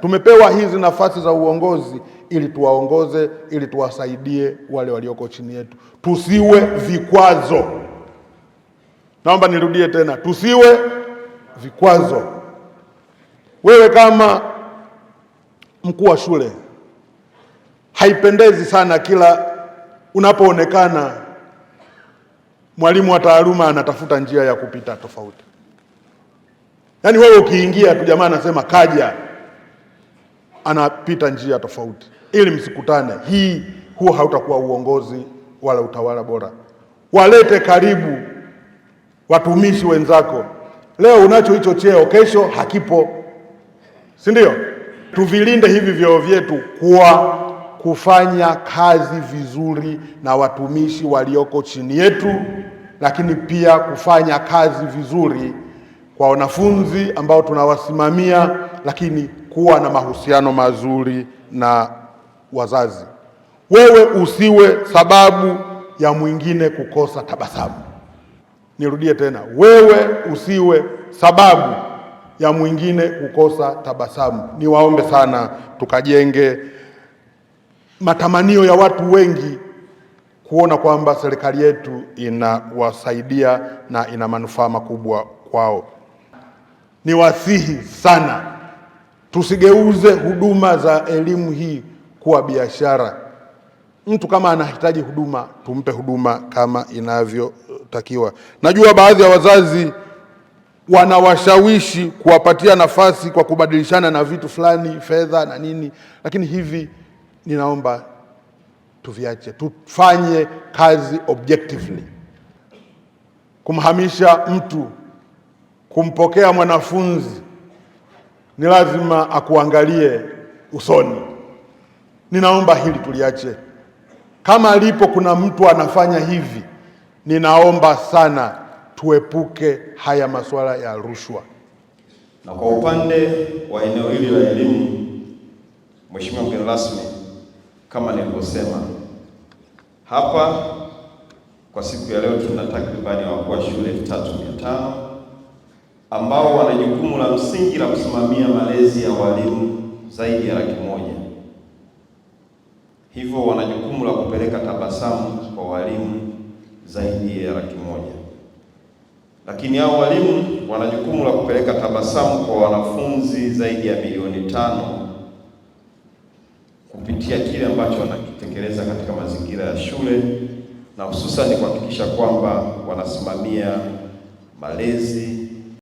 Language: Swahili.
Tumepewa hizi nafasi za uongozi ili tuwaongoze, ili tuwasaidie wale walioko chini yetu, tusiwe vikwazo. Naomba nirudie tena, tusiwe vikwazo. Wewe kama mkuu wa shule, haipendezi sana kila unapoonekana mwalimu wa taaluma anatafuta njia ya kupita tofauti. Yaani wewe ukiingia tu jamaa anasema kaja anapita njia tofauti ili msikutane. Hii huo hautakuwa uongozi wala utawala bora. Walete karibu watumishi wenzako. Leo unacho hicho cheo, kesho hakipo, si ndio? Tuvilinde hivi vyoo vyetu kwa kufanya kazi vizuri na watumishi walioko chini yetu, lakini pia kufanya kazi vizuri kwa wanafunzi ambao tunawasimamia, lakini kuwa na mahusiano mazuri na wazazi. Wewe usiwe sababu ya mwingine kukosa tabasamu. Nirudie tena, wewe usiwe sababu ya mwingine kukosa tabasamu. Niwaombe sana tukajenge matamanio ya watu wengi kuona kwamba serikali yetu inawasaidia na ina manufaa makubwa kwao. Niwasihi sana Tusigeuze huduma za elimu hii kuwa biashara. Mtu kama anahitaji huduma tumpe huduma kama inavyotakiwa. Najua baadhi ya wazazi wanawashawishi kuwapatia nafasi kwa kubadilishana na vitu fulani, fedha na nini, lakini hivi ninaomba tuviache, tufanye kazi objectively. Kumhamisha mtu, kumpokea mwanafunzi ni lazima akuangalie usoni. Ninaomba hili tuliache. Kama alipo kuna mtu anafanya hivi, ninaomba sana tuepuke haya masuala ya rushwa. Na kwa upande wa eneo hili la elimu, Mheshimiwa mgeni rasmi, kama nilivyosema hapa, kwa siku ya leo tuna takribani wakuwa shule elfu tatu mia tano ambao wana jukumu la msingi la kusimamia malezi ya walimu zaidi ya laki moja. Hivyo wana jukumu la kupeleka tabasamu kwa walimu zaidi ya laki moja, lakini hao walimu wana jukumu la kupeleka tabasamu kwa wanafunzi zaidi ya milioni tano kupitia kile ambacho wanakitekeleza katika mazingira ya shule na hususan kuhakikisha kwamba wanasimamia malezi